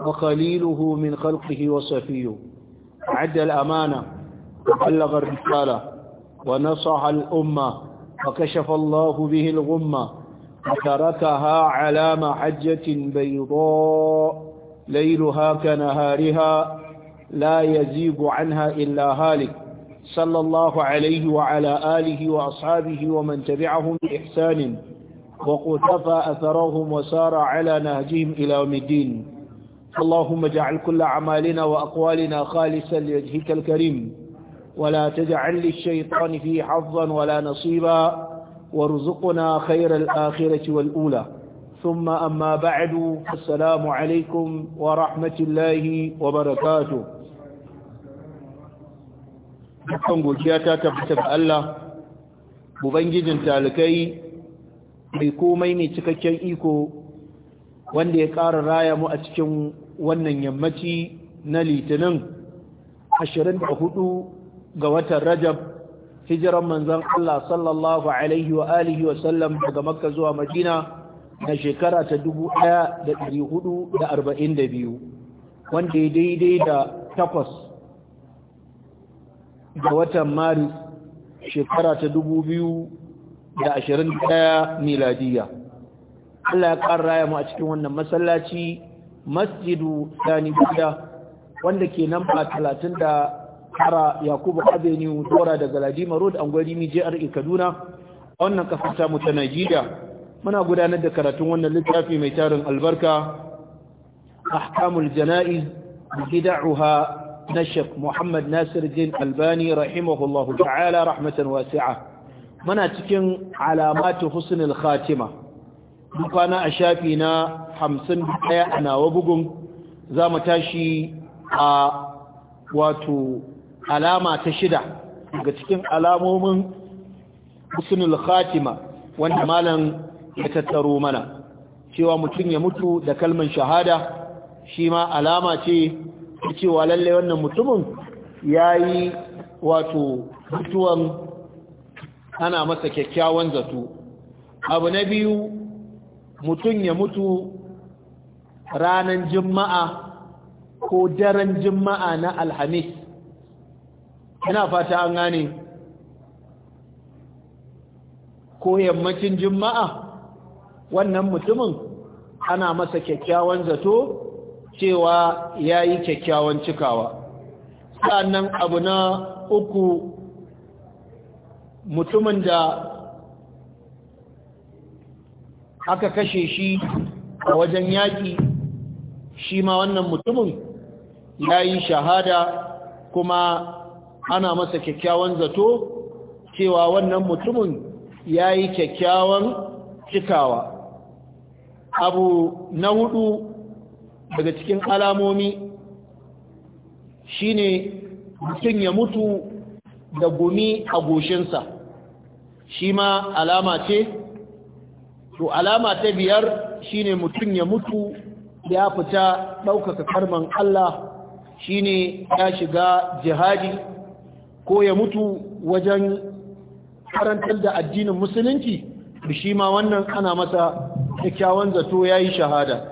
وقليله من خلقه وصفيه عد الأمانة وبلغ الرسالة ونصح الأمة وكشف الله به الغمة وتركها على محجة بيضاء ليلها كنهارها لا يزيب عنها إلا هالك صلى الله عليه وعلى آله وأصحابه ومن تبعهم بإحسان وقتفى أثرهم وسار على نهجهم إلى يوم الدين اللهم اجعل كل أعمالنا وأقوالنا خالصا لوجهك الكريم ولا تجعل للشيطان فيه حظا ولا نصيبا وارزقنا خير الآخرة والأولى ثم أما بعد السلام عليكم ورحمة الله وبركاته dukkan gokiya ta tabbata ga Allah ubangijin talikai mai komai mai cikakken iko wanda ya ƙara raya mu a cikin wannan yammaci na litinin 24 ga watan rajab hijiran manzan Allah sallallahu alaihi wa alihi wa sallam daga makka zuwa madina na shekara ta 1442 wanda ya daidai da takwas ga watan maris shekara ta 2021 miladiyya Allah ya ƙara mu a cikin wannan masallaci masjidu sani guda wanda ke namba talatin da tara yakubu avenue dora daga galadima road an jr kaduna wannan kasar tamu ta najida muna gudanar da karatun wannan littafi mai tarin albarka ahkamul jana'iz bid'uha na shek Muhammad Nasir Din Albani rahimahullahu ta'ala rahmatan wasi'a muna cikin alamatu husnul khatima kwana a shafi na hamsin daya a nawa bugun za mu tashi a wato alama ta shida daga cikin alamomin husnul khatima wanda malam ya tattaro mana cewa mutum ya mutu da kalman shahada shi ma alama ce cewa lalle wannan mutumin yayi wato mutuwan ana masa kyakkyawan zato abu na biyu mutum ya mutu ranar juma'a ko daren juma'a na alhamis ina fata an gane ko yammacin juma'a wannan mutumin ana masa kyakkyawan zato cewa ya yi kyakkyawan cikawa sannan abu na uku mutumin da aka kashe shi a wajen yaƙi shi ma wannan mutumin ya yi shahada kuma ana masa kyakkyawan zato cewa wannan mutumin ya yi kyakkyawan cikawa abu na hudu daga cikin alamomi shine mutum ya mutu da gumi a goshinsa shi ma alama ce to alama ta biyar shine mutum ya mutu ya fita ɗaukaka karman Allah shine ya shiga jihadi ko ya mutu wajen karantar da addinin musulunci shi ma wannan ana masa kyakkyawan zato ya yi shahada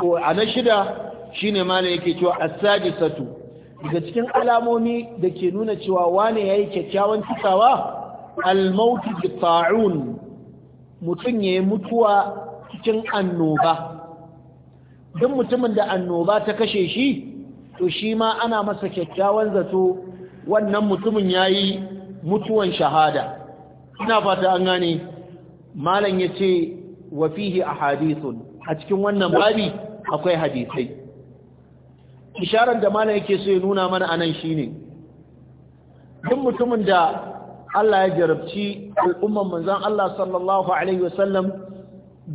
To a na shida shine mala yake cewa as-sadisatu daga cikin alamomi da ke nuna cewa wane yayi kyakkyawan cikawa al mautu bi ta'un mutum ya yi mutuwa cikin annoba duk mutumin da annoba ta kashe shi to shi ma ana masa kyakkyawan zato wannan mutumin ya yi mutuwan shahada ina fata an gane malam ya ce wafihi a hadisun a cikin wannan babi akwai hadisai isharar da malam yake so ya nuna mana anan shine duk mutumin da Allah ya jarabci al'umman manzon Allah sallallahu alaihi wasallam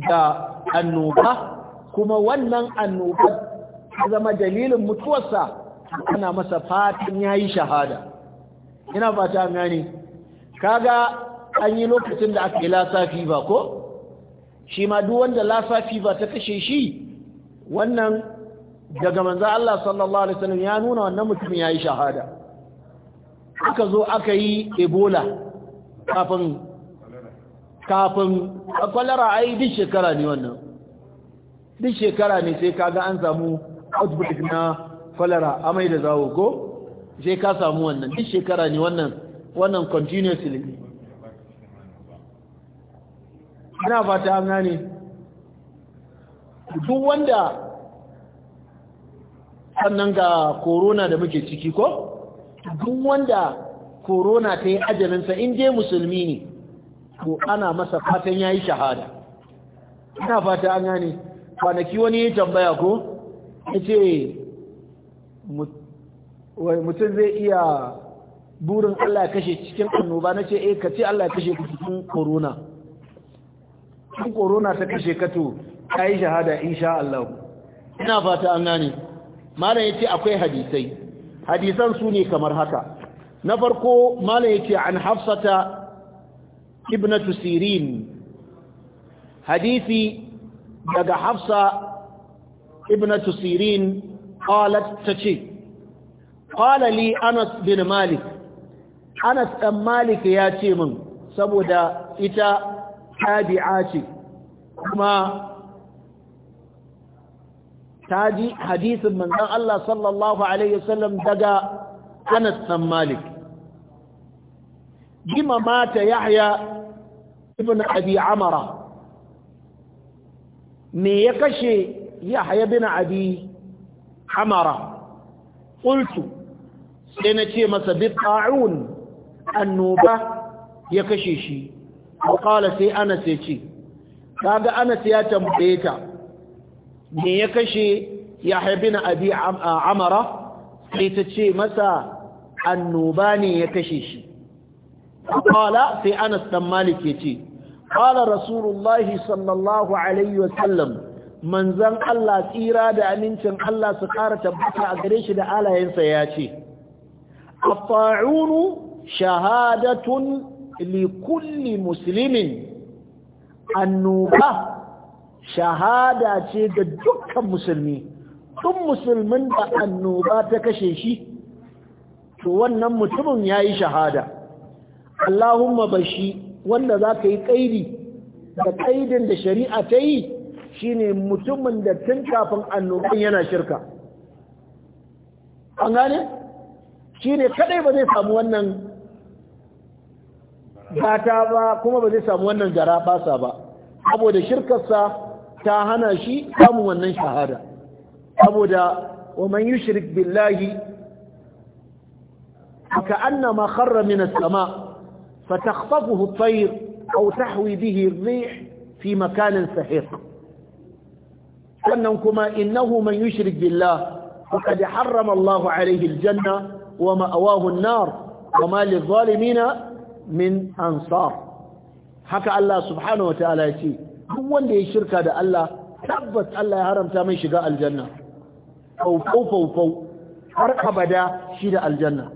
da annoba kuma wannan annoba zama dalilin mutuwarsa ana masa fatin yayi shahada ina fata gane kaga an yi lokacin da aka yi lasafi ba ko shi ma duk wanda lasafi ba ta kashe shi wannan daga manzon Allah sallallahu alaihi wasallam ya nuna wannan mutum yayi shahada aka zo aka yi ebola kafin kafin kwalara yi duk shekara ne wannan duk shekara ne sai kaga an samu outbreak na kwalara amai da zawo ko sai ka samu wannan duk shekara ne wannan wannan continuously ina fata an gane duk wanda sannan ga corona da muke ciki ko duk wanda korona ta yi ajalinsa in je musulmi ne ko ana masa fatan ya yi shahada ina fata an gane kwanaki wani ya tambaya ko ya ce mutum zai iya burin Allah kashe cikin annoba na ce eh ka ce Allah kashe ku cikin korona cikin korona ta kashe kato to ka yi shahada insha Allah ina fata an gane malam ya ce akwai hadisai hadisan su ne kamar haka na farko mala yake an hafsata ibnatu sirin hadisi daga hafsa ibnatu sirin qalat tace qala li anas bin malik anas dan malik ya ce min saboda ita tabi'a ce kuma ta ji hadisin manzon Allah sallallahu alaihi wasallam daga Anas bin Malik bima mata Yahya ibn Abi Amara me ya kashe Yahya bin Abi Amara qultu sai na ce masa bi ta'un annoba ya kashe shi wa sai Anas ya ce kaga Anas ya tambaye ta me ya kashe yahya bin abi amara sai ta ce masa annoba ne ya kashe shi qala sai anas dan malik yace qala Rasulullahi sallallahu alaihi wasallam manzan Allah tsira da amincin Allah su kara tabbata a gare shi da alayensa ya ce الطاعون shahadatun likulli musulmin annoba shahada ce ga dukkan musulmi duk musulmin da annoba ta kashe shi to wannan mutumin ya yi shahada Allahumma bashi wanda za yi ƙaidi da ƙaidin da shari'a ta yi shine mutumin da tun kafin annoban yana shirka an gane shine kadai ba zai samu wannan gata ba kuma ba zai samu wannan gara basa ba saboda shirkarsa ta hana shi samun wannan shahada saboda wa man yushrik billahi ka annama kharra min as-sama fatakhtafuhu at-tayr aw tahwi bihi ar-rih fi makanin sahiq sannan kuma innahu man yushrik billah faqad harrama Allahu alayhi al-janna wa ma'awahu an-nar wa ma lidh-dhalimin min ansar haka Allah subhanahu wa ta'ala ya ce duk wanda ya shirka da Allah tabbas Allah ya haramta mai shiga aljanna faufau-faufau har abada shi da aljanna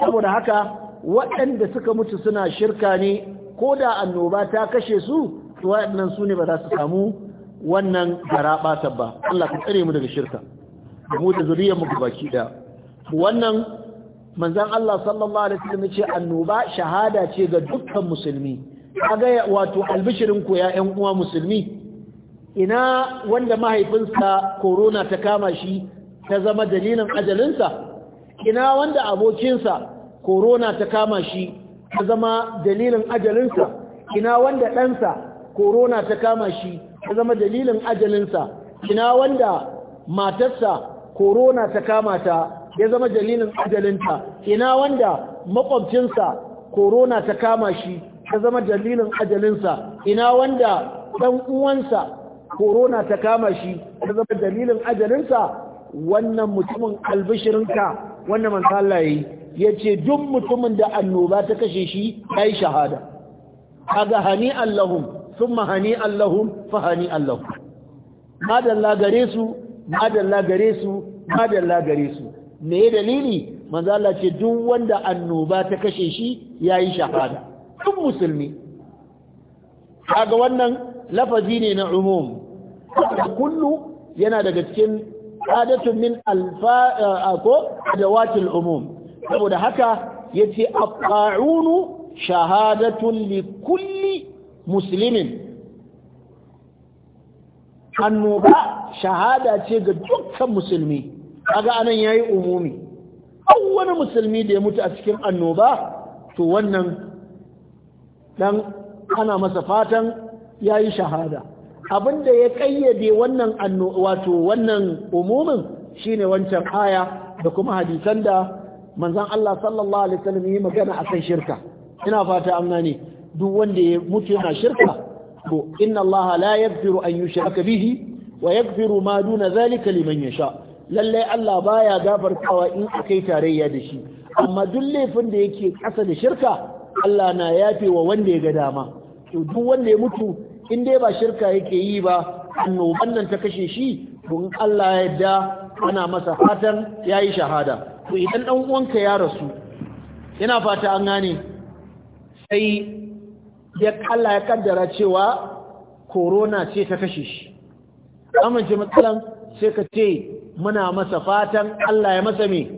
saboda haka waɗanda suka mutu suna shirka ne ko da annoba ta kashe su waɗannan su ne ba za su samu wannan gara ba Allah ka tsare mu daga shirka da mu da zuriyar mu baki da wannan manzon Allah sallallahu alaihi wasallam ce annoba shahada ce ga dukkan musulmi kaga wato albishirin ku ya 'yan uwa musulmi ina wanda mahaifinsa corona ta kama shi ta zama dalilin ajalinsa ina wanda abokinsa corona ta kama shi ta zama dalilin ajalinsa ina wanda ɗansa corona ta kama shi ta zama dalilin ajalinsa ina wanda matarsa corona ta kama ta ya zama dalilin ajalinta ina wanda makwabcinsa corona ta kama shi ta zama dalilin ajalinsa ina wanda dan uwansa korona ta kama shi ta zama dalilin ajalinsa wannan mutumin albishirinka wannan manzo Allah ya ce duk mutumin da annoba ta kashe shi yi shahada kaga hani allahum sun mahani allahum fa hani allahum madalla gare su madalla gare su madalla gare su me dalili manzo Allah ce duk wanda annoba ta kashe shi yayi shahada duk musulmi kaga wannan lafazi ne na umum kullu yana daga cikin adatun min alfa ko adawatul umum saboda haka yace afqa'unu shahadatun li kulli muslimin annoba shahada ce ga dukkan musulmi kaga anan yayi umumi kowane musulmi da ya mutu a cikin annoba to wannan dan ana masa fatan yayi shahada abinda ya kayyade wannan wato wannan umumin shine wancan aya da kuma hadisan da manzon Allah sallallahu alaihi wasallam yi magana akan shirka ina fata an gane duk wanda ya mutu yana shirka to inna Allah la yaghfiru an yushraka bihi wa yaghfiru ma duna zalika liman yasha lalle Allah baya gafartawa in akai tarayya da shi amma duk laifin da yake kasa da shirka Allah na yafe wa wanda ya ga dama to duk wanda ya mutu in dai ba shirka yake yi ba annoban nan ta kashe shi to in Allah ya yarda ana masa fatan yayi shahada to idan dan uwanka ya rasu yana fata an gane sai ya Allah ya kaddara cewa korona ce ta kashe shi amince matsalan sai ka ce muna masa fatan Allah ya masa me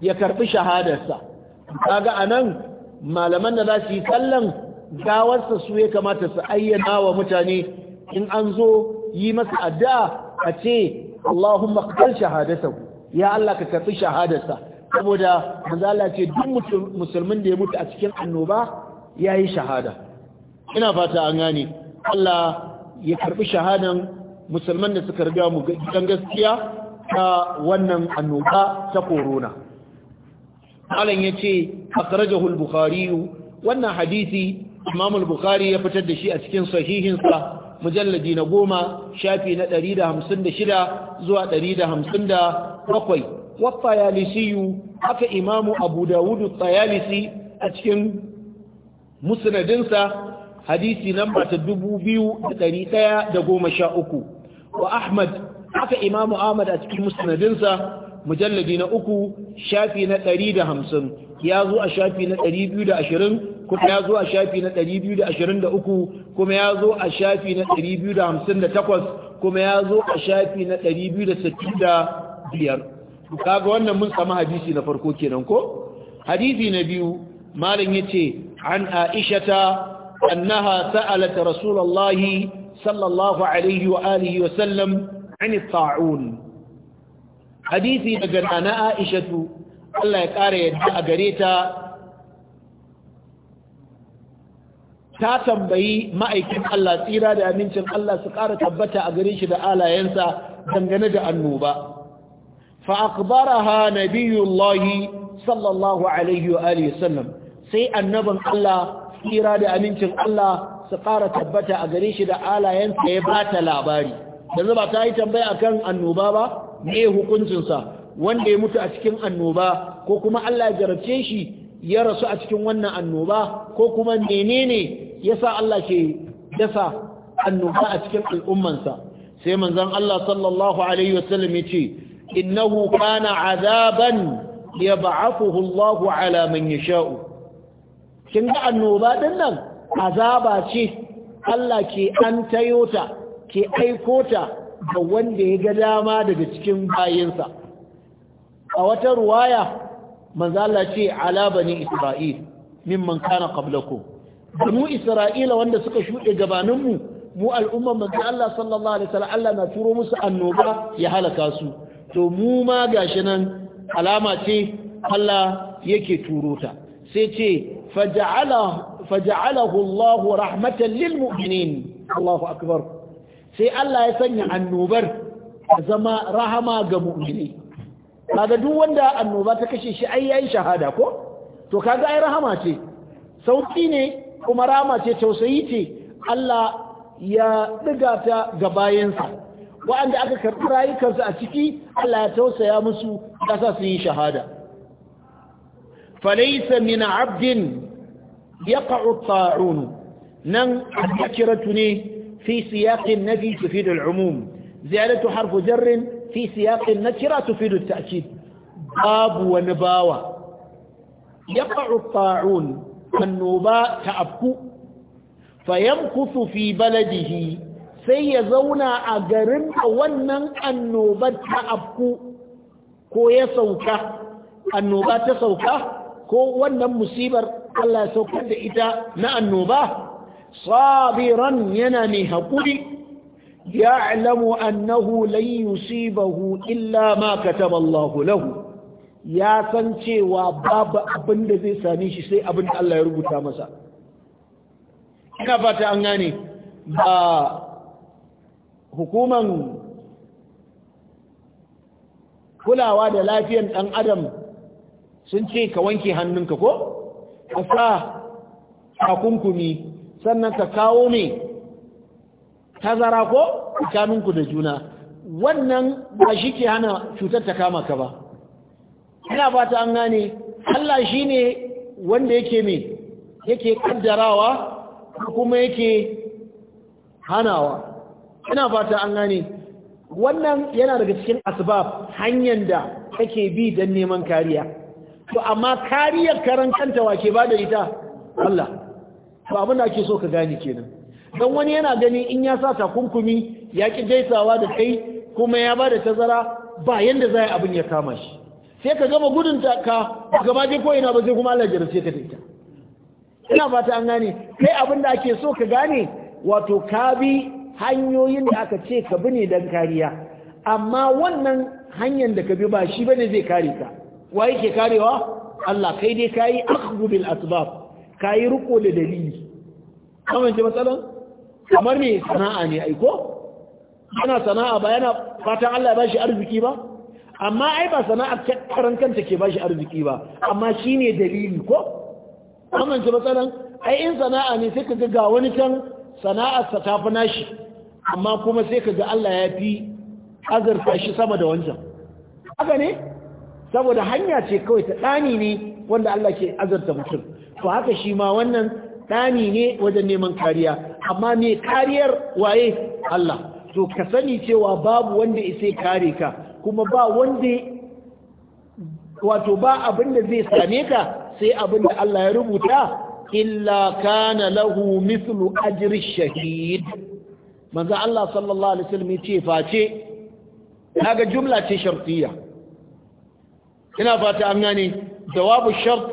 ya karɓi shahadarsa a nan. malaman da za su yi kallon gawarsa su ya kamata su ayyana wa mutane in an zo yi masa addu'a a ce Allahumma qbal shahadatahu ya Allah ka karbi shahadarsa saboda Manzala ce duk musulmin da ya mutu a cikin annoba yayi shahada ina fata an gane Allah ya karbi shahadan musulman da suka riga mu gidan gaskiya ta wannan annoba ta korona. malam yace akhrajahu al-bukhari wannan hadisi imam al-bukhari ya fitar da shi a cikin sahihin sa mujalladi na goma shafi na 156 zuwa 157 waffa yalisiyu haka imam abu dawud at-tayalisi a cikin musnadinsa hadisi namba ta 2113 wa ahmad haka imam ahmad a cikin musnadinsa mujalladi na uku shafi na ɗari da hamsin ya zo a shafi na ɗari biyu da ashirin kuma ya zo a shafi na ɗari biyu da ashirin da uku kuma ya zo a shafi na ɗari biyu da hamsin da takwas kuma ya zo a shafi na ɗari biyu da sittin da biyar kaga wannan mun samu hadisi na farko kenan ko hadisi na biyu malam ce an aishata أنها سألت رسول الله صلى الله عليه wa sallam an الطاعون hadisi daga nana aishatu Allah ya ƙara yadda a gare ta ta tambayi ma'aikin Allah tsira da amincin Allah su ƙara tabbata a gare shi da alayensa dangane da annoba fa akhbaraha nabiyullahi sallallahu alaihi wa sallam sai annaban Allah tsira da amincin Allah su ƙara tabbata a gare shi da alayensa ya bata labari yanzu ba ta yi tambaya akan annoba ba me hukuncinsa wanda ya mutu a cikin annoba ko kuma Allah ya jarabce shi ya rasu a cikin wannan annoba ko kuma menene yasa Allah ke dasa annoba a cikin al'ummansa sai manzon Allah sallallahu alaihi wasallam ya ce innahu kana azaban yab'athuhu Allahu ala man yasha'u kin ga annoba din nan azaba ce Allah ke an tayota ke aikota ga wanda ya ga dama daga cikin bayinsa a wata ruwaya manzala ce alaba ne isra'il mimman kana qablakum mu isra'ila wanda suka shuɗe gabaninmu mu al'umman manzo Allah sallallahu alaihi wasallam Allah na turo musu annoba ya halaka su to mu ma gashi nan alama ce Allah yake turo ta sai ce faja'alahu Allahu rahmatan lil mu'minin Allahu akbar sai Allah ya sanya annobar zama rahama ga mu'mini kaga duk wanda annoba ta kashe shi ai yayin shahada ko to kaga ai rahama ce sauki ne kuma rahama ce tausayi ce Allah ya ɗiga ta ga bayansa waɗanda aka karɓi rayukansu a ciki Allah ya tausaya musu ƙasa su yi shahada falaysa min abdin ya ta'un nan a kiratu ne في سياق النفي تفيد العموم زيادة حرف جر في سياق النكرة تفيد التأكيد باب ونباوة يقع الطاعون النوباء تأبكو فيمكث في بلده سيزونا أقرن ونن النوبة تأبكو كو يسوك النوبة تسوك كو ونن مصيبر الله سوكت إتا نا النوبة sabiran yana mai haƙuri ya'lamu annahu lan yusibahu illa ma kataba Allah lahu ya san cewa babu abin da zai same shi sai abin da Allah ya rubuta masa ina fata an gane ba hukuman kulawa da lafiyan ɗan adam sun ce ka wanke hannunka ko ka sa takunkumi sannan ka kawo ne tazara ko tsakaninku da juna wannan ba shi ke hana cutar ta kama ka ba ina ba ta an gane Allah shi ne wanda yake mai yake kaddarawa kuma yake hanawa ina ba ta an gane wannan yana daga cikin asbab hanyar da kake bi don neman kariya to amma kariyar karan kanta wake ba da ita Allah to abin da ake so ka gane kenan don wani yana gani in ya sa takunkumi ya ki gaisawa da kai kuma ya ba da tazara ba yanda za a abin ya kama shi sai ka gama gudun ka gaba je ko ina ba sai kuma Allah jarabce ka da ina fata an gane kai abin da ake so ka gane wato ka bi hanyoyin da aka ce ka bi ne don kariya amma wannan hanyar da ka bi ba shi bane zai kare ka wa yake karewa Allah kai dai kayi akhbu bil asbab ka yi riko da dalili kamance matsalan kamar ne sana'a ne aiko yana sana'a ba yana fatan Allah ya bashi arziki ba amma ai ba sana'a karan kanta ke bashi arziki ba amma shine dalili ko kamance matsalan ai in sana'a ne sai kaga ga wani can sana'ar sa tafi nashi amma kuma sai kaga Allah ya fi azurta shi sama da wancan haka ne saboda hanya ce kawai ta dani ne wanda Allah ke azarta mutum to haka shi ma wannan ɗani ne wajen neman kariya amma me kariyar waye Allah to ka sani cewa babu wanda isa kare ka kuma ba wanda wato ba abinda zai same ka sai abin da Allah ya rubuta illa kana lahu mithlu ajri shahid manzo Allah sallallahu alaihi wasallam yace face kaga jumla ce shartiyya ina fata an gane jawabu shart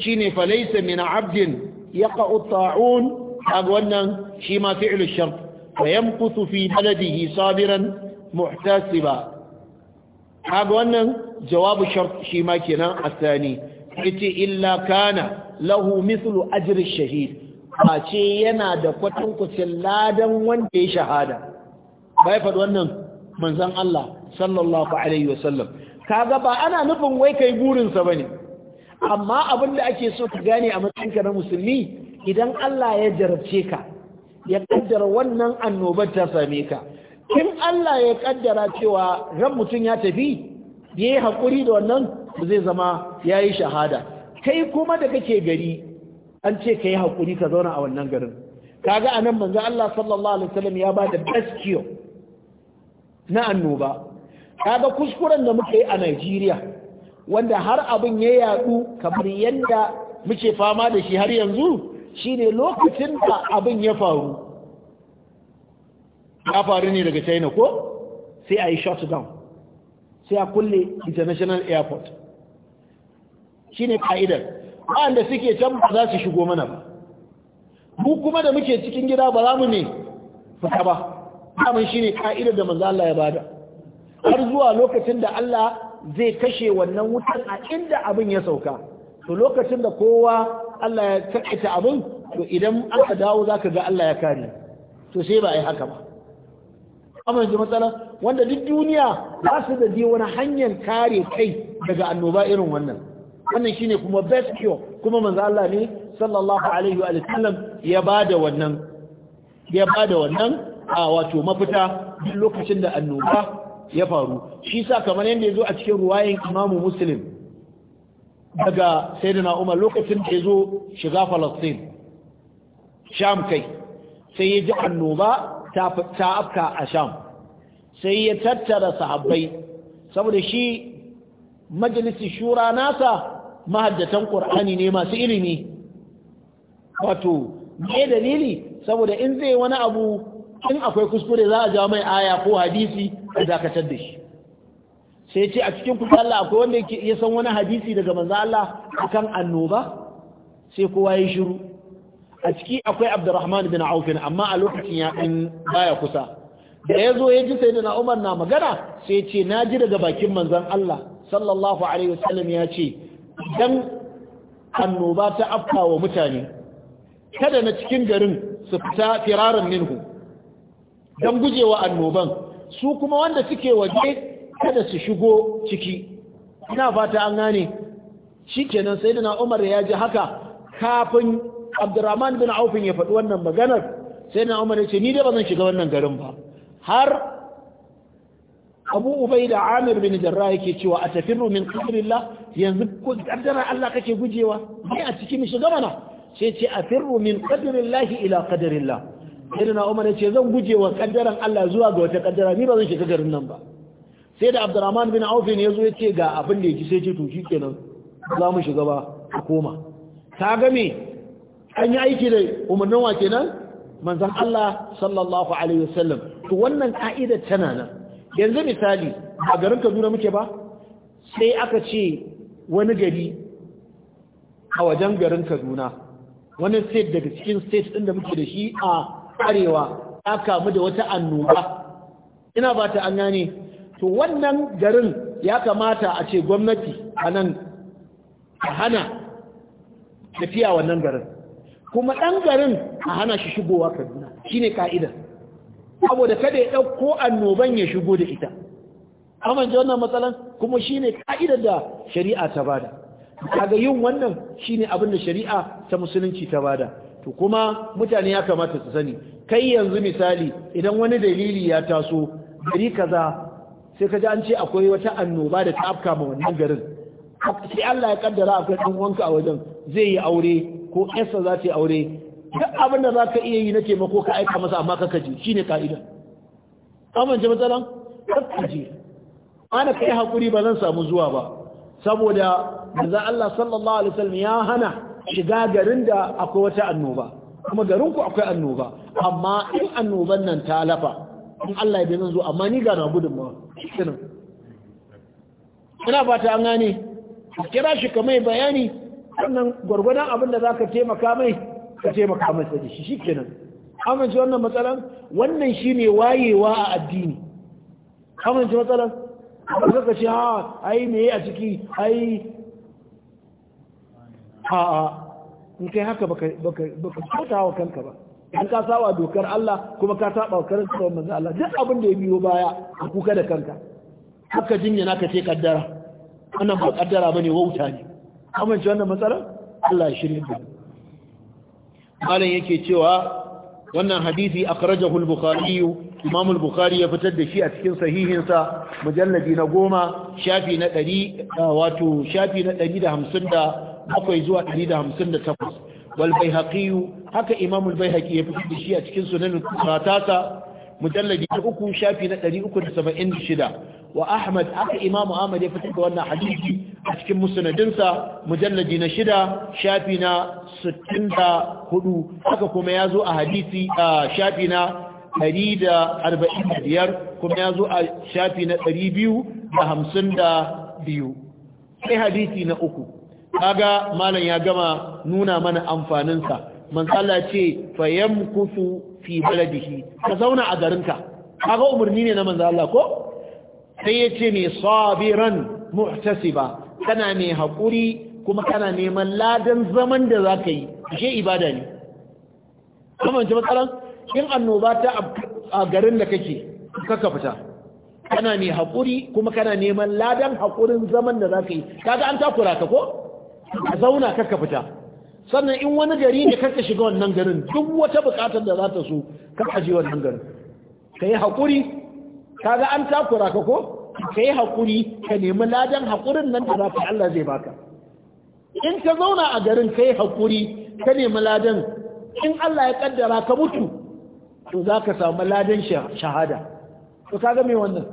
shine falaysa min abdin yaqa'u ta'un kaga wannan shi ma fi'lu shart fayamkuthu fi baladihi sabiran muhtasiba kaga wannan jawabu shart shi ma kenan asani yace illa kana lahu mislu ajri shahid mace yana da kwatankwacin ladan wanda ya shahada bai faɗi wannan manzon Allah sallallahu alaihi wasallam kaga ba ana nufin wai kai burinsa ba ne amma abin da ake so ka gane a matsayinka na musulmi idan Allah ya jarabce ka ya kaddara wannan annobar ta same ka in Allah ya kaddara cewa ran mutum ya tafi ya yi haƙuri da wannan zai zama ya yi shahada kai kuma da kake gari an ce ka yi haƙuri ka zauna a wannan garin kaga anan manzo Allah sallallahu alaihi wasallam ya ba da na annoba kaga kuskuren da muka yi a Najeriya wanda har abin ya yadu kamar yadda muke fama da shi har yanzu shine lokacin da abin ya faru ya faru ne daga China ko sai a yi shutdown sai a kulle international airport shine ka'idar wanda suke can ba za su shigo mana ba mu kuma da muke cikin gida ba za mu ne fita ba daman shine ka'idar da manzo Allah ya bada har zuwa lokacin da Allah zai kashe wannan wutan a inda abin ya sauka to lokacin da kowa Allah ya takaita abin to idan aka dawo za ka ga Allah ya kare to sai ba yi haka ba amma ji matsala wanda duk duniya ba su da je wani hanyar kare kai daga annoba irin wannan wannan shine kuma best cure kuma manzo Allah ne sallallahu alaihi wa sallam ya bada wannan ya bada wannan a wato mafita duk lokacin da annoba ya faru shi sa kamar yadda ya zo a cikin ruwayin imamu muslim daga da na'umar lokacin da ya zo shiga falastin sham kai sai ya ji annoba ta afka a sham sai ya tattara sahabbai saboda shi majalisi shura nasa mahaddatan ƙur'ani ne masu ilimi wato ne dalili saboda in zai wani abu in akwai kuskure za a jawo mai aya ko hadisi a dakatar da shi sai ce a cikin kusa Allah akwai wanda ya san wani hadisi daga manzo Allah akan annoba sai kowa ya shiru a ciki akwai Abdurrahman bin Auf amma a lokacin ya in baya kusa da yazo ya ji sai na Umar na magana sai ce na ji daga bakin manzon Allah sallallahu alaihi wasallam ya ce dan annoba ta afka wa mutane kada na cikin garin su fita firaran minhu don gujewa annoban su kuma wanda suke waje kada su shigo ciki ina fata an gane shikenan na Umar ya ji haka kafin Abdurrahman bin Aufin ya faɗi wannan maganar na Umar ya ce ni dai ba zan shiga wannan garin ba har abu ubai da amir bin jarra yake cewa a tafi rumin qadrillah yanzu kaddara Allah kake gujewa sai a ciki cikin shiga mana sai ce a firru min qadrillah ila qadrillah sayyidina Umar ya ce zan guje wa kaddaran Allah zuwa ga wata kaddara ni ba zan shiga garin nan ba sai da Abdurrahman bin Auf ne yazo ya ce ga abin da yake sai ce to kenan za mu shiga ba a koma ta ga me an yi aiki da umarnin wa kenan manzon Allah sallallahu alaihi wasallam to wannan ka'ida tana nan yanzu misali a garin Kaduna muke ba sai aka ce wani gari a wajen garin Kaduna wani state daga cikin state din da muke da shi a arewa ta kamu da wata annoba ina ba ta an to wannan garin ya kamata a ce gwamnati a nan a hana tafiya wannan garin kuma ɗan garin a hana shi shigowa kaduna shine ka'idar saboda kada ya ɗauko annoban ya shigo da ita amince wannan matsalan kuma shine ka'idar da shari'a ta bada kaga yin wannan shine abin da shari'a ta musulunci ta bada to kuma mutane ya kamata su sani kai yanzu misali idan wani dalili ya taso gari kaza sai kaji an ce akwai wata annoba da ta afka ma wannan garin sai Allah ya kaddara akwai dan wanka a wajen zai yi aure ko yarsa za ta yi aure duk abin da za ka iya yi na taimako ka aika masa amma kaka je shine ka'ida amince matsalan kaka je ana kai hakuri ba zan samu zuwa ba saboda manzo Allah sallallahu alaihi wasallam ya hana shiga garin da akwai wata annoba kuma garin ku akwai annoba amma in annoban nan ta lafa in Allah ya zan zo amma ni ga na ma sinin ina fata an gane kira shi ka mai bayani wannan gwargwadon abin da za ka taimaka mai ka taimaka masa da shi shikenan amince wannan matsalan wannan shine wayewa a addini amince matsalan ba ka ce ha ai me a ciki ai a'a in kai haka baka baka wa kanka ba in ka saba dokar Allah kuma ka saba karantar manzo Allah duk abin da ya biyo baya ka kuka da kanka haka jinya naka ce kaddara wannan ba kaddara bane wauta ne amince wannan matsalar Allah ya shirye da malam yake cewa wannan hadisi akhrajahu al-bukhari imam al-bukhari ya fitar da shi a cikin sahihinsa mujalladi na goma shafi na 100 wato shafi na 150 bakwai zuwa ɗari da hamsin da takwas wal bai haka imamul bai haƙi ya fito da shi a cikin sunanin tasa mujalladi na uku shafi na ɗari uku da saba'in da shida wa ahmad haka imamu ahmad ya fito da wannan hadisi a cikin musanadinsa mujalladi na shida shafi na sittin da hudu haka kuma ya zo a hadisi a shafi na ɗari da arba'in da biyar kuma ya zo a shafi na ɗari biyu da hamsin da biyu sai hadisi na uku kaga malam ya gama nuna mana amfaninsa manzo Allah ce fayamkusu fi baladihi ka zauna a garinka kaga umurni ne na manzo Allah ko sai ya ce mai sabiran muhtasiba kana ne hakuri kuma kana neman ladan zaman da zaka yi ashe ibada ne kuma ce matsalan in annoba ta a garin da kake kaka fita kana ne hakuri kuma kana neman ladan hakurin zaman da zaka yi kaga an takura ka ko a zauna kakka fita sannan in wani gari ne karka shiga wannan garin duk wata bukatar da za ta so kakka je wannan garin ka yi haƙuri kaga an takura ka ko ka yi haƙuri ka nemi ladan haƙurin nan da za ka Allah zai baka in ka zauna a garin ka yi haƙuri ka nemi ladan in Allah ya kaddara ka mutu to za ka samu ladan shahada to kaga me wannan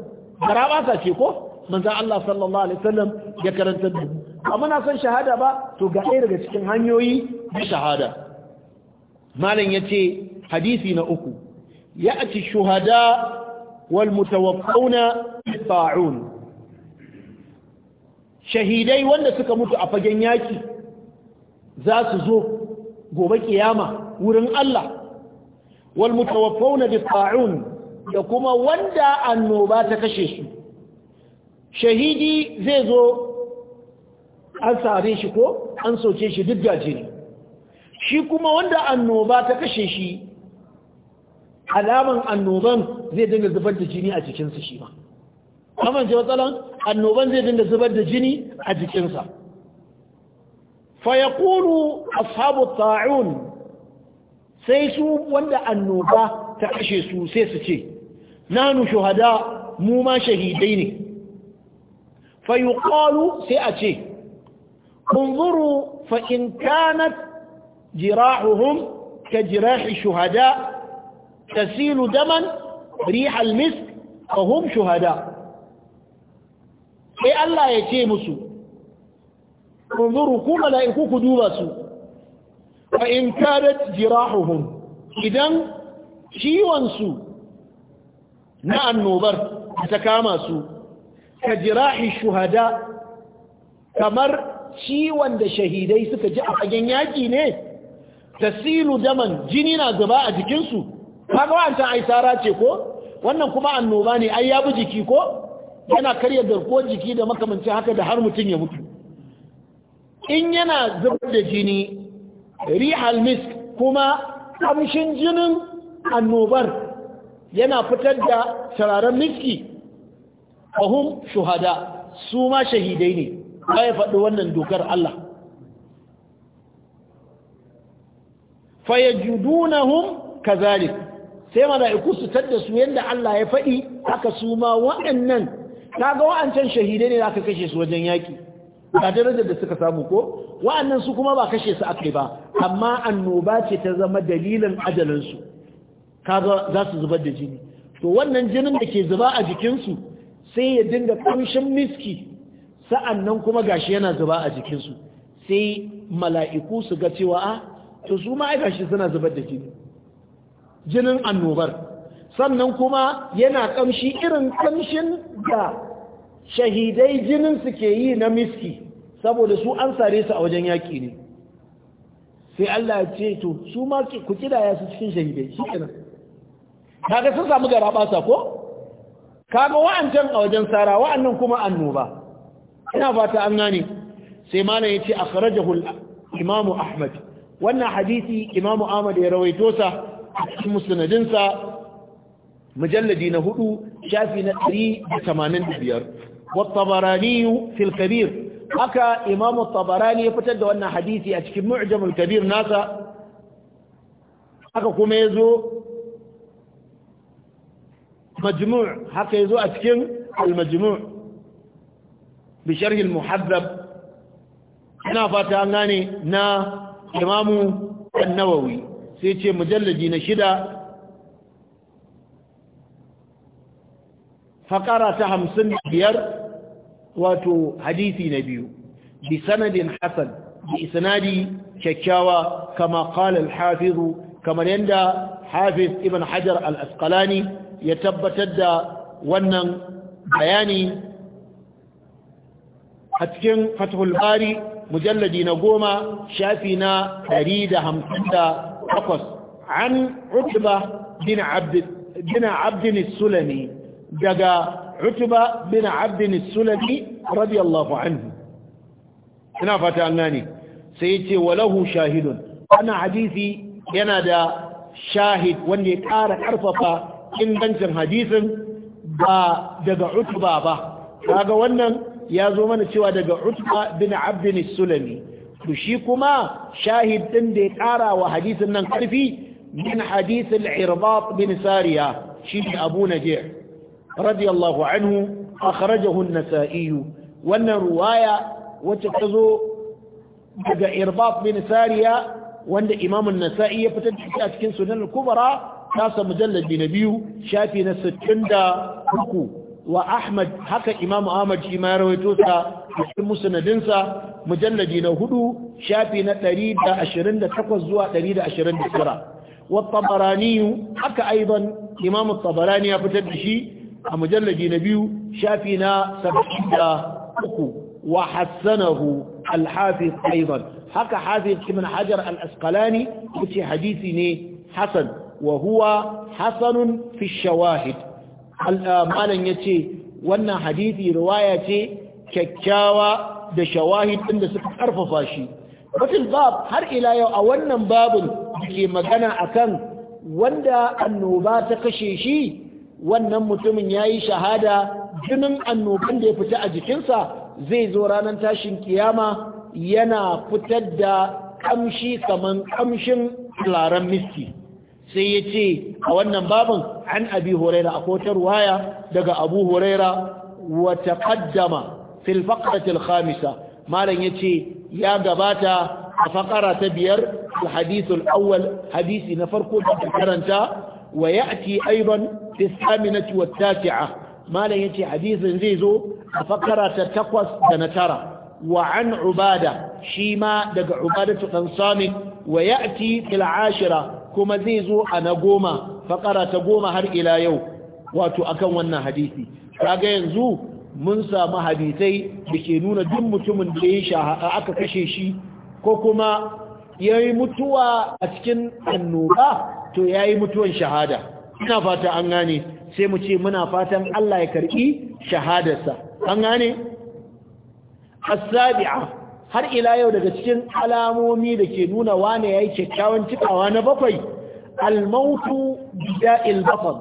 garaba ce ko manzo Allah sallallahu alaihi wasallam ya karanta mu ba muna son shahada ba to ga ɗaya daga cikin hanyoyi na shahada malam ya ce hadisi na uku ya ci shuhada wal mutawaffawna ta'un shahidai wanda suka mutu a fagen yaki za su zo gobe kiyama wurin Allah wal mutawaffawna bi ta'un da kuma wanda annoba ta kashe su shahidi zai zo an sare shi ko an soke shi duk gaje ne shi kuma wanda annoba ta kashe shi alaman annoban zai dinga zubar da jini a jikinsa shi ma kamar matsalan annoban zai dinga zubar da jini a jikinsa fayakunu ashabu ta'un sai su wanda annoba ta kashe su sai su ce nanu shuhada mu ma shahidai ne Fa fayuqalu sai a ce انظروا فإن كانت جراحهم كجراح الشهداء تسيل دما ريح المسك فهم شهداء اي الا يتيمسوا انظروا كما لا يكون قدوبسوا ف كانت جراحهم إذا ذ ن شيوانسوا ن أ كجراح الشهداء كمر ciwon da shahidai suka ji a fagen yaƙi ne tasilu daman jini na zuba a jikinsu kaga wancan ai tsara ce ko wannan kuma annoba ne ai ya bi jiki ko yana karya garkuwar jiki da makamancin haka da har mutum ya mutu in yana zubar da jini rihal misk kuma kamshin jinin annobar yana fitar da tararen miski fahim shuhada su ma shahidai ne ba ya faɗi wannan dokar Allah fayajudunahum kazalik sai mala'iku su tadda su yadda Allah ya faɗi haka su ma waɗannan kaga wa'ancan shahidai ne aka kashe su wajen yaki ba darajar da suka samu ko wa'annan su kuma ba kashe su akai ba amma annoba ce ta zama dalilin ajalin su kaga za su zubar da jini to wannan jinin da ke zuba a jikinsu sai ya dinga ƙamshin miski sa'an nan kuma gashi yana zuba a jikinsu sai mala'iku su ga cewa a ah, to su ma gashi suna zubar da jini jinin annobar sannan kuma yana kamshi irin kamshin da shahidai jinin su ke yi na miski saboda su an sare su a wajen yaƙi ne sai Allah ya ce to su ma ku kidaya su cikin shahidai shi kenan kaga sun samu garabasa ko kaga wa'ancan a wajen sara wa'annan kuma annoba ina ba ta an gane sai malam yace akhrajahu al-imam ahmad wannan hadisi imam ahmad ya rawaito sa cikin musnadin sa mujalladi na hudu shafi na 185 wa tabarani fi al-kabir haka imam tabarani ya fitar da wannan hadisi a cikin mu'jam kabir nasa haka kuma yazo majmu' haka yazo a cikin al bi sharh al-muhaddab ina fata an gane na imamu an-nawawi sai ce mujallaji na shida fakara ta hamsin da biyar wato hadisi na biyu bi sanadin hasan bi isnadi kyakkyawa kama qala al-hafiz kamar yanda hafiz ibn hajar al askalani ya tabbatar da wannan bayani a cikin fathul bari mujalladi na goma shafi na ɗari da hamsin da takwas an rutuba bin abdin sulami daga rutuba bin abdin sulami radiyallahu anhu ina fata an gani. sai ya ce walahu shahidun ana hadisi yana da shahid wanda ya ƙara ƙarfafa ingancin hadisin ba daga utuba ba kaga wannan ya zo mana cewa daga utba bin abdin sulami to shi kuma shahid din da ya ƙara wa hadisin nan ƙarfi min hadisin irbat bin sariya shi ne abu najih radiyallahu anhu akhrajahu an-nasa'i wannan ruwaya wacce ta zo daga irbat bin sariya wanda imam an-nasa'i ya fitar da a cikin sunan al-kubra ta sa mujallad na biyu shafi na 63 wa Ahmad haka Imam Ahmad shi ma rawaito ta cikin musnadinsa mujalladi na hudu shafi na 128 zuwa 129 wa Tabarani haka aidan Imam Tabarani ya fitar da shi a mujalladi na biyu shafi na 73 wa hasanahu al-Hafiz aidan haka Hafiz Ibn Hajar al-Asqalani yace hadisi ne hasan wa huwa hasanun fi shawahid Ah, malam ya ce wannan hadithi riwaya ce kyakkyawa da shawahid ɗin da suka ƙarfafa shi batul bab har ila yau a wannan babin ke magana akan wanda annoba ta kashe shi wannan mutumin ya yi shahada jinin annoban da ya fita a jikinsa zai zo ranar tashin kiyama yana fitar da ƙamshi kaman ƙamshin turaren miski sai ya ce a wannan babin an abi huraira a kotar waya daga abu huraira wata kaddama fil faqratil khamisa malam yace ya gabata a fakara ta biyar al hadithul awwal hadisi na farko da karanta wa ya'ti aidan fi thaminati malam yace hadisin zai zo a fakara ta takwas da na tara wa an ubada shi ma daga ubadatu ɗan samit wa ya'ti fil ashira kuma zai zo a na goma fakara ta goma har ila yau wato akan wannan hadisi kaga yanzu mun samu hadisai da ke nuna duk mutumin da ya aka kashe shi ko kuma ya yi mutuwa a cikin annoba to ya yi mutuwan shahada ina fata an gane sai mu ce muna fatan Allah ya karɓi shahadarsa an gane as-sabi'a har ila yau daga cikin alamomi da ke nuna wane ya yi kyakkyawan cikawa na bakwai almautu bida'il ilbafan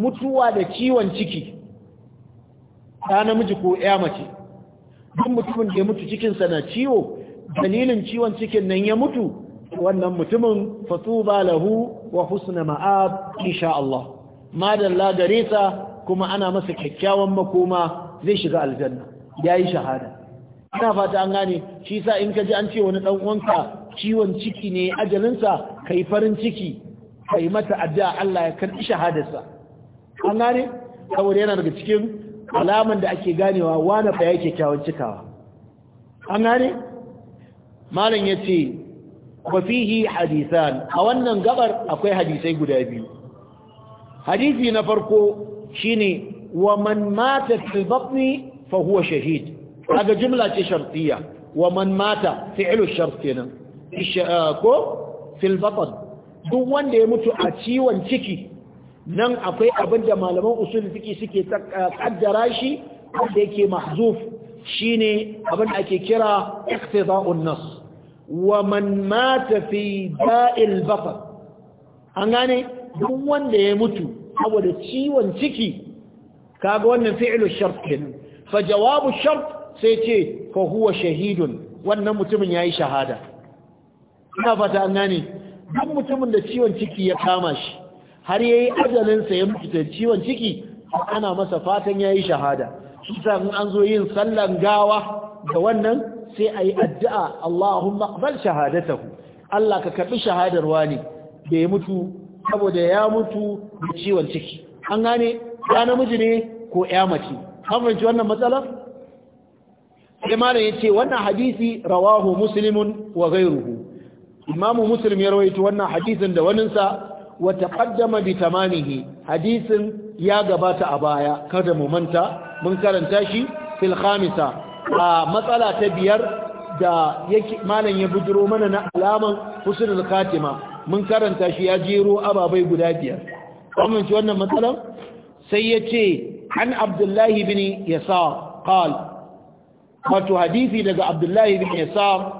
mutuwa da ciwon ciki ta namiji ko ya mace duk mutumin da ya mutu cikinsa na ciwo dalilin ciwon cikin nan ya mutu wannan mutumin fasuba lahu wa husna ma'ab insha Allah madalla gare sa kuma ana masa kyakkyawan makoma zai shiga aljanna ya yi shahada ina fata an gane shi sa in ka ji an ce wani dan uwanka ciwon ciki ne ajalinsa kai farin ciki kai mata addu'a Allah ya karbi shahadarsa an gane saboda yana daga cikin alaman da ake ganewa wane fa yake kyawun cikawa an gane malam yace wa fihi hadithan a wannan gabar akwai hadisai guda biyu hadisi na farko shine wa man mata fil batni fa huwa shahid kaga jumla ce shartiya? wa man mata fi'lu shart kenan uh, ko fil batn duk wanda ya mutu a ciwon ciki nan akwai abin da malaman usul fiqi suke uh, kaddara shi wanda yake mahzuf shine abin da ake kira iqtida'un nas wa man mata fi da'il batn an gane duk wanda ya mutu saboda ciwon ciki kaga wannan fi'lu shart kenan fa jawabu shart sai ce fa huwa shahidun wannan mutumin yayi shahada ina fata an gane duk mutumin da ciwon ciki ya kama shi har yayi ajalin sa ya mutu da ciwon ciki ana masa fatan ya yi shahada shi in an zo yin sallan gawa da wannan sai ayi addu'a Allahumma aqbal shahadatahu Allah ka karɓi shahadar wani da ya mutu saboda ya mutu da ciwon ciki an gane ya namiji ne ko ya mace kamar fahimci wannan matsalar sai malam yace wannan hadisi rawahu muslimun wa ghayruhu imam muslim ya rawaito wannan hadisin da wanin sa wa taqaddama bi tamamihi hadisin ya gabata a baya kada mu manta mun karanta shi fil khamisa a matsala ta biyar da yake malam ya bujiro mana na alaman husnul khatima mun karanta shi ya jero ababai guda biyar kuma wannan matsalan sai yace an abdullahi bin yasa qala wato hadisi daga abdullahi bin yasar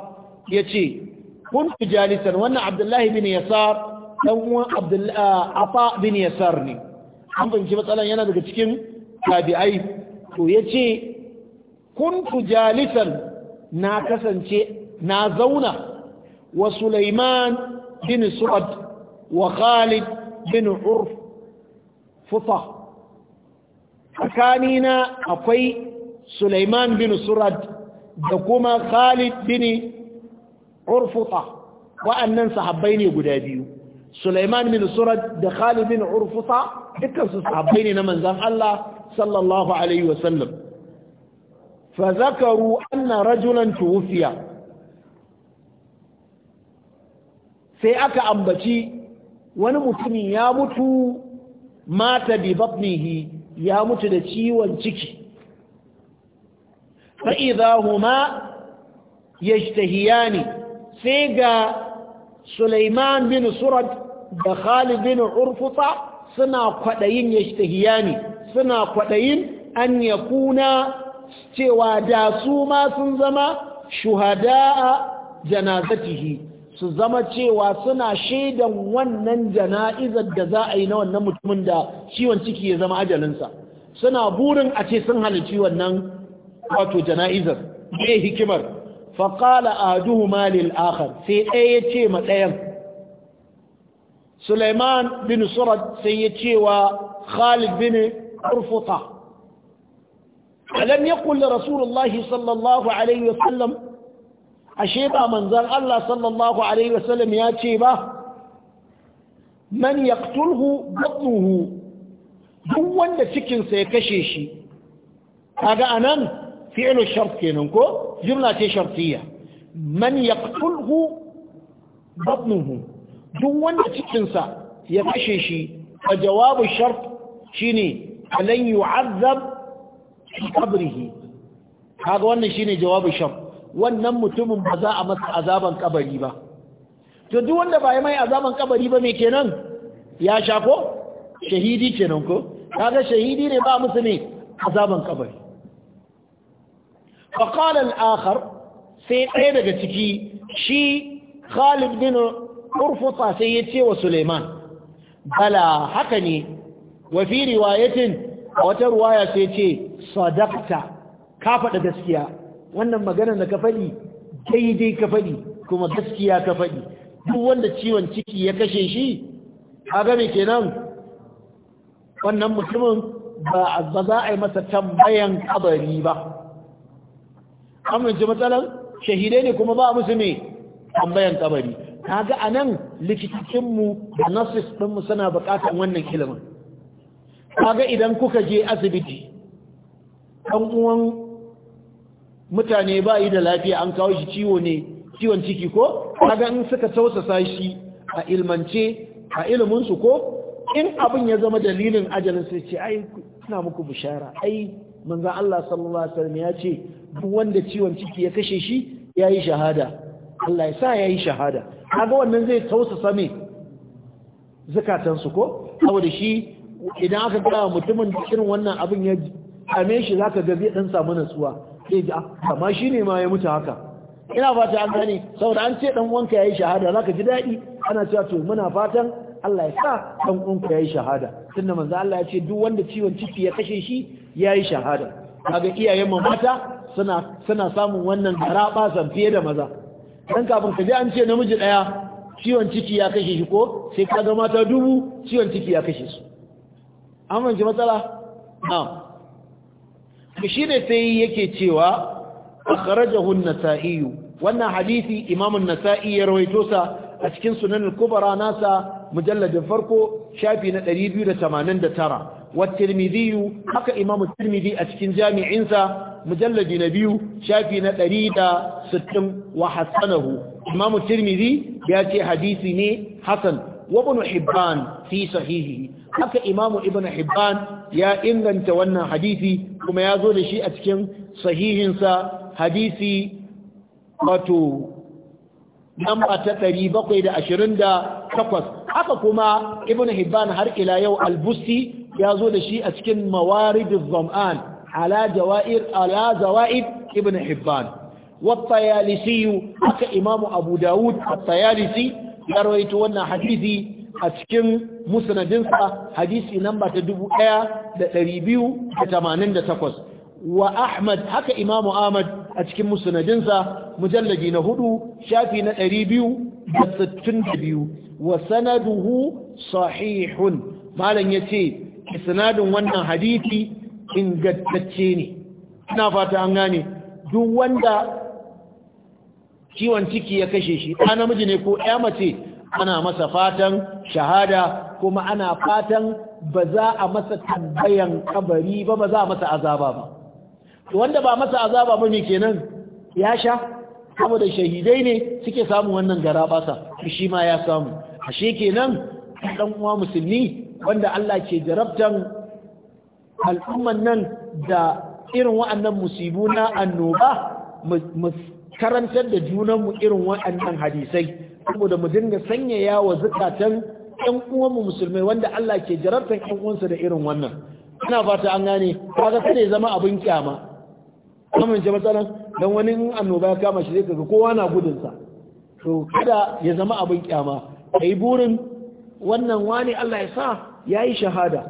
ya ce kun fi jalisan wannan abdullahi bin yasar ɗan uwan ah, afa bin yasar ne an fahimci matsalan yana daga cikin tabi'ai to ya ce kun fi jalisan na kasance na zauna wa sulaiman bin su'ad wa khalid bin urf fufa tsakanina akwai Sulaiman bin Surad da kuma Khalid bin Urfuta wa'annan sahabbai ne guda biyu Sulaiman bin Surad da Khalid bin Urfuta dukkansu sahabbai ne na manzon Allah sallallahu alaihi fa zakaru anna rajulan tuwfiya sai aka ambaci wani mutumi ya mutu mata bi ya mutu da ciwon ciki fa idza huma ne sai ga Suleiman bin surat da Khalid bin Urfusa, suna kwadayin ne, suna kwaɗayin an kuna cewa da su ma sun zama shuhada'a janazatihi su zama cewa suna shaidan wannan jana'izar da za a yi na wannan mutumin da ciwon ciki ya zama ajalinsa suna burin a ce sun halarci wannan wato jana'izar ne hikimar faƙala ahaduhuma Malil akhar sai ɗaya ya ce ma Suleiman bin Surat sai ya ce wa Khalid bin Urfuta alam kulle rasulullahi sallallahu alaihi wasallam ashe ba manzan Allah sallallahu Alaihi wasallam ya ce ba, man yaqtulhu batnuhu duk wanda cikinsa ya kashe shi, kaga anan fi'lu shart kenan ko jumla ce shartiyya man yaqtulhu batnuhu duk wanda cikinsa ya kashe shi a jawabu shart shine alan yu'azzab fi qabrihi kaga wannan shine jawabu shart wannan mutumin ba za a masa azaban kabari ba to duk wanda ba ya mai azaban kabari ba mai kenan ya sha ko shahidi kenan ko kaga shahidi ne ba musu ne azaban kabari فقال الآخر سيطيبك تكي شي خالد بن أرفطة سيدتي وسليمان بلا حقني وفي رواية وترواية سيدتي صدقت كافة gaskiya? wannan maganar da ka faɗi daidai ka faɗi kuma gaskiya ka faɗi duk wanda ciwon ciki ya kashe shi kaga me kenan wannan mutumin ba za a yi masa tambayan kabari ba amince matsalar shahidai ne kuma ba musu ne tambayan kabari kaga anan likitocinmu da nurses ɗinmu suna buƙatar wannan ilimin kaga idan kuka je asibiti ɗan uwan mutane ba yi da lafiya an kawo shi ciwo ne ciwon ciki ko kaga in suka tausasa shi a ilmance a iliminsu ko in abin ya zama dalilin ajalin sai ce ai suna muku bishara ai manzon Allah sallallahu alaihi wasallam ya ce duk wanda ciwon ciki ya kashe shi yayi shahada Allah ya sa yayi shahada kaga wannan zai tausa me zakatan su ko saboda shi idan aka ga mutumin irin wannan abin ya same shi zaka ga zai dan samu nutsuwa sai ji ah, amma shine ma ya mutu haka ina fata an gane saboda an ce dan wanka yayi shahada zaka ji dadi ana cewa to muna fatan Allah ya sa dan wanka yayi shahada tunda manzo Allah ya ce duk wanda ciwon ciki ya kashe shi yayi shahada kaga iyayen mu mata suna suna samun wannan garaba san fiye da maza dan kafin ka ji an ce namiji daya ciwon ciki ya kashe shi ko sai kaga mata dubu ciwon ciki ya kashe su an ji matsala na'am shi ne sai yake cewa akhrajahu an-nasa'i wannan hadisi imamu an-nasa'i ya rawaito sa a cikin sunan al-kubra nasa mujalladin farko shafi na 289 wa tirmidhi haka imamu tirmidhi a cikin jami'insa mujalladi na biyu shafi na 160 wa hasanahu imamu tirmidhi ya ce hadisi ne hasan wa ibn hibban fi sahihi haka imamu ibn hibban ya inganta wannan hadisi kuma ya zo da shi a cikin sahihinsa hadisi wato namba ta 728 haka kuma ibn hibban har ila yau al-busti ya zo da shi a cikin mawarid zam'an ala jawair ala zawaid ibn hibban والطيالسي haka imamu abu dawud at-tayalisi ya rawaito wannan hadisi a cikin musnadinsa hadisi number ta 1288 wa ahmad haka imamu ahmad a cikin musnadinsa mujallaji na hudu shafi na 200 da sittin da biyu wa sanaduhu sahihun malam ya ce isnadin wannan hadisi ingantacce ne ina fata an gane duk wanda ciwon ciki ya kashe shi ta namiji ne ko ya mace ana masa fatan shahada kuma ana fatan ba za a masa tambayan kabari ba ba za a masa azaba ba wanda ba masa azaba ba ne kenan ya sha saboda shahidai ne suke samu wannan gara basa shi ma ya samu ashe kenan dan uwa musulmi wanda Allah ke jarabtan al'umman nan da irin wa'annan musibu na annoba mu karantar da junanmu irin wa'annan hadisai saboda mu dinga sanyaya wa zukatan uwan mu musulmai wanda Allah ke jarabtan ƴan uwansa da irin wannan ina fata an gane kaga sai zama abin kyama kuma ji matsalan Don wani annoba ya kama shi zai kaga kowa na gudunsa to kada ya zama abin kyama kai burin wannan wani Allah ya sa yayi shahada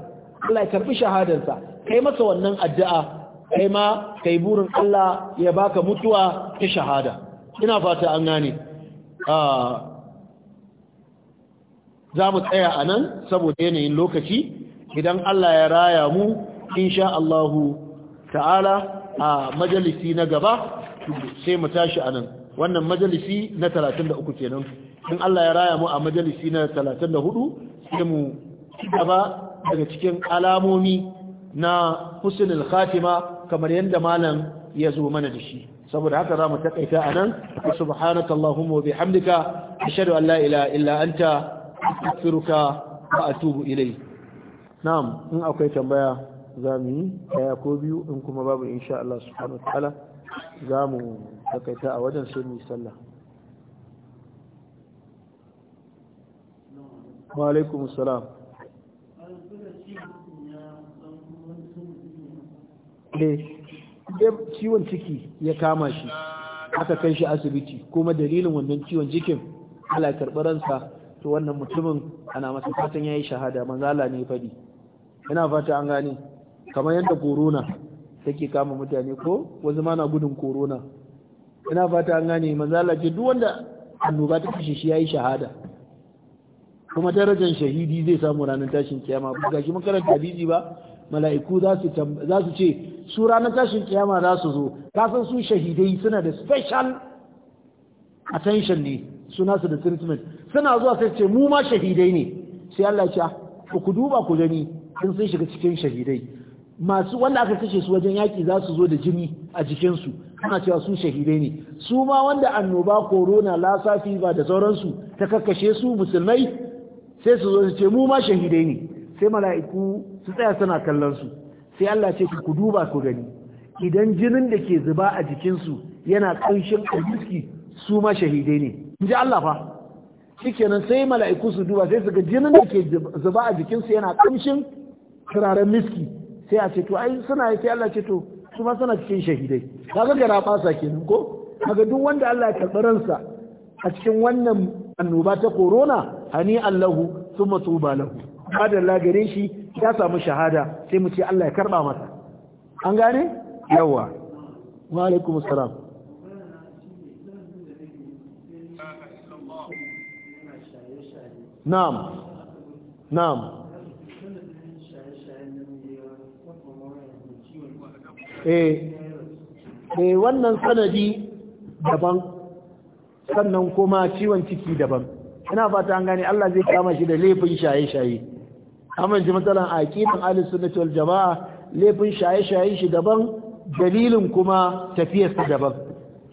Allah ya karbi shahadarsa kai masa wannan addu'a kai ma kai burin Allah ya baka mutuwa ta shahada ina fata an gane ah, za mu tsaya a nan saboda yanayin lokaci idan Allah ya raya mu insha Allahu ta'ala a majalisi na gaba sai mu tashi anan wannan majalisi na 33 kenan in Allah ya raya mu a majalisi na 34 sai mu gaba daga cikin alamomi na husnul khatima kamar yadda malam ya zo mana da shi saboda haka za mu takaita anan subhanaka allahumma wa bihamdika ashhadu an la ilaha illa anta astaghfiruka wa atubu ilayk na'am in akwai tambaya za mu yi ɗaya ko biyu in kuma babu insha Allah subhanahu wa ta'ala za mu takaita a wajen sun sallah wa alaikum salam eh, ciwon ciki ya kama shi aka kai shi asibiti kuma dalilin wannan ciwon cikin ala karbaransa ransa to wannan mutumin ana masa fatan ya yi shahada manzala ne fadi Yana fata an gani. kamar yadda korona. take kama mutane ko wasu ma gudun korona ina fata an gane manzo Allah ce duk wanda annoba ta kashe shi yayi shahada kuma darajar shahidi zai samu ranar tashin kiyama ba gashi mun karanta hadisi ba mala'iku za su za su ce su ranar tashin kiyama za su zo ka san su shahidai suna da special attention ne suna su da treatment suna zuwa sai ce mu ma shahidai ne sai Allah ya ah, ku duba ku gani in sun shiga cikin shahidai masu wanda aka kashe su wajen yaki za su zo da jini a jikinsu ana cewa su shahidai ne su ma wanda annoba korona lasafi ba da sauransu ta kakkashe su musulmai sai su zo su ce mu ma shahidai ne sai mala'iku su tsaya suna kallon su sai Allah ce ku duba ku gani idan jinin da ke zuba a jikinsu yana ƙanshin aljiski su ma shahidai ne in ji Allah fa shikenan sai mala'iku su duba sai su ga jinin da ke zuba a jikinsu yana ƙanshin turaren miski sai a ce to ai suna yake Allah ce to su ma suna cikin shahidai kaga gara fasa kenan ko kaga duk wanda Allah ya karɓi ransa a cikin wannan annoba ta corona hani Allahu thumma tuba lahu Allah gare shi ya samu shahada sai mu ce Allah ya karba masa an gane yawa wa alaikum assalam na'am na'am eh eh wannan sanadi daban sannan kuma ciwon ciki daban ina fata an gani. Allah zai kama shi da laifin shaye-shaye amma ji matsalan aqidan ahlus sunnah wal jamaa laifin shaye-shaye shi daban dalilin kuma tafiyar sa daban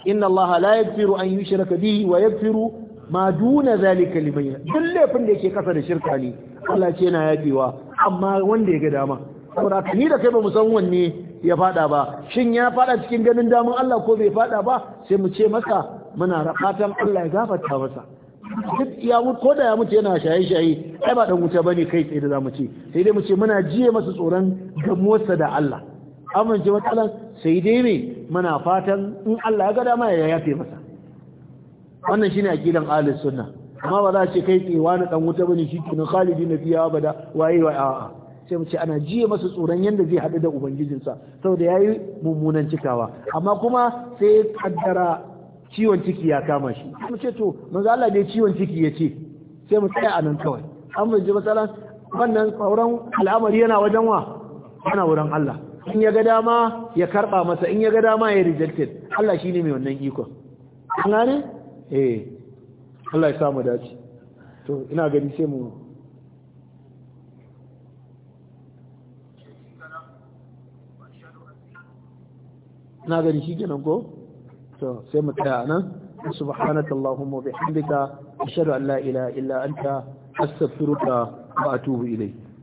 inna Allah la yaghfiru an yushraka bihi wa yaghfiru ma duna zalika liman duk laifin da yake kasa da shirka ne Allah ce yana yafewa amma wanda ya ga dama saboda ni da kai ba mu san wanne ya fada ba shin ya fada cikin ganin damun Allah ko bai fada ba sai mu ce masa muna fatan Allah ya gafarta masa duk ya mutu ko da ya mutu yana shaye-shaye ai ba dan wuta bane kai tsaye da zamu ce sai dai mu ce muna jiye masa tsoron gamuwarsa da Allah amince matsalan sai dai me muna fatan in Allah ya ga dama ya yafe masa wannan shine aqidan ahlus sunna amma ba za a ce kai tsaye wani dan wuta bane shi kenan khalidina fiya abada waye wa a'a sai mu ce ana jiya masa tsoron yadda zai haɗu da ubangijinsa saboda ya yi mummunan cikawa amma kuma sai ya kaddara ciwon ciki ya kama shi mu ce to manzo Allah dai ciwon ciki ya ce sai mu tsaya a nan kawai an mu ji matsala wannan tsoron al'amari yana wajen wa yana wurin Allah in ya ga dama ya karba masa in ya ga dama ya rejected Allah shine mai wannan iko an gane eh Allah ya samu dace to ina gani sai mu na gani shi kenan ko to sai mu tsaya nan subhanaka allahumma bihamdika ashhadu an la ilaha illa anta astaghfiruka wa atubu ilayk